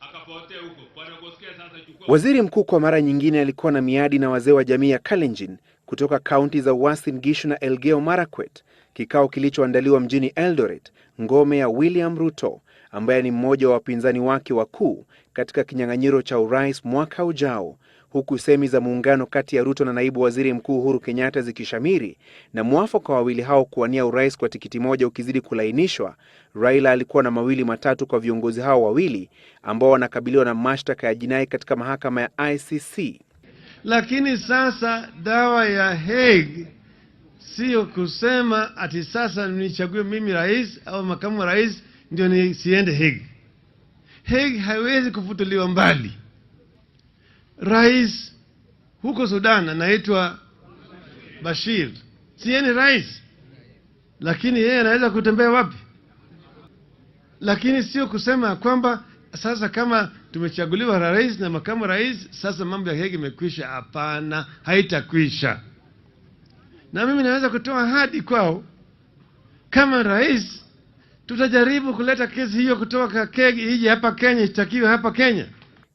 akapotea huko. sasa, chukua. Waziri Mkuu kwa mara nyingine alikuwa na miadi na wazee wa jamii ya Kalenjin kutoka kaunti za Uasin Gishu na Elgeyo Marakwet, kikao kilichoandaliwa mjini Eldoret, ngome ya William Ruto ambaye ni mmoja wa wapinzani wake wakuu katika kinyang'anyiro cha urais mwaka ujao huku semi za muungano kati ya Ruto na naibu waziri mkuu Uhuru Kenyatta zikishamiri na mwafaka wa wawili hao kuwania urais kwa tikiti moja ukizidi kulainishwa, Raila alikuwa na mawili matatu kwa viongozi hao wawili ambao wanakabiliwa na mashtaka ya jinai katika mahakama ya ICC. Lakini sasa dawa ya Hague siyo kusema ati sasa nichague mimi rais au makamu wa rais ndio nisiende Hague. Hague haiwezi kufutuliwa mbali. Rais huko Sudan anaitwa Bashir, si yeye ni rais, lakini yeye anaweza kutembea wapi? Lakini sio kusema kwamba sasa kama tumechaguliwa rais na makamu rais, sasa mambo ya Hague imekwisha. Hapana, haitakwisha. Na mimi naweza kutoa ahadi kwao, kama rais tutajaribu kuleta kesi hiyo kutoka kegi ije hapa Kenya, ishtakiwe hapa Kenya.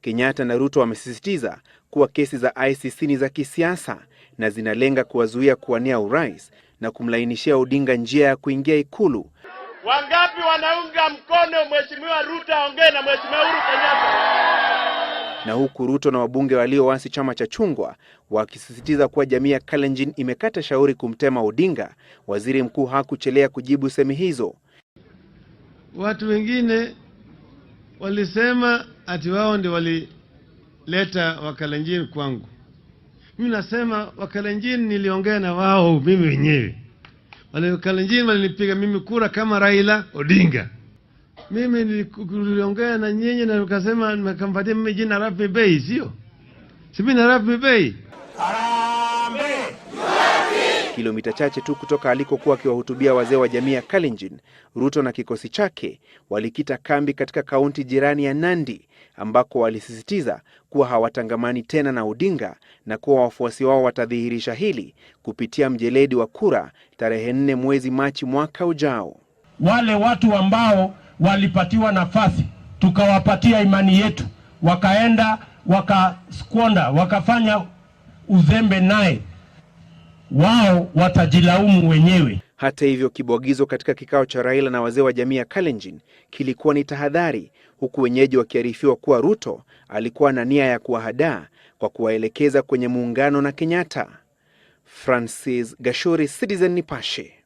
Kenyatta na Ruto wamesisitiza kuwa kesi za ICC ni za kisiasa na zinalenga kuwazuia kuwania urais na kumlainishia Odinga njia ya kuingia Ikulu. Wangapi wanaunga mkono Mheshimiwa Ruto aongee na Mheshimiwa Uhuru Kenyatta? na huku Ruto na wabunge walioasi chama cha chungwa wakisisitiza kuwa jamii ya Kalenjin imekata shauri kumtema Odinga, waziri mkuu hakuchelea kujibu semi hizo. Watu wengine walisema ati wao ndio walileta wakalenjini kwangu. Mimi nasema wakalenjini niliongea na wao mimi wenyewe, wale wakalenjini walinipiga mimi kura kama Raila Odinga. Mimi niliongea na nyinyi na nikasema, nikampatia mimi jina Rafi Bei, sio si mimi na Rafi Bei. Kilomita chache tu kutoka alikokuwa akiwahutubia wazee wa jamii ya Kalenjin, Ruto na kikosi chake walikita kambi katika kaunti jirani ya Nandi, ambako walisisitiza kuwa hawatangamani tena na Odinga na kuwa wafuasi wao watadhihirisha hili kupitia mjeledi wa kura tarehe nne mwezi Machi mwaka ujao. Wale watu ambao walipatiwa nafasi tukawapatia imani yetu, wakaenda wakaskwonda wakafanya uzembe naye wao watajilaumu wenyewe. Hata hivyo, kibwagizo katika kikao cha Raila na wazee wa jamii ya Kalenjin kilikuwa ni tahadhari, huku wenyeji wakiarifiwa kuwa Ruto alikuwa na nia ya kuwahadaa kwa kuwaelekeza kwenye muungano na Kenyatta. Francis Gashuri, Citizen Nipashe.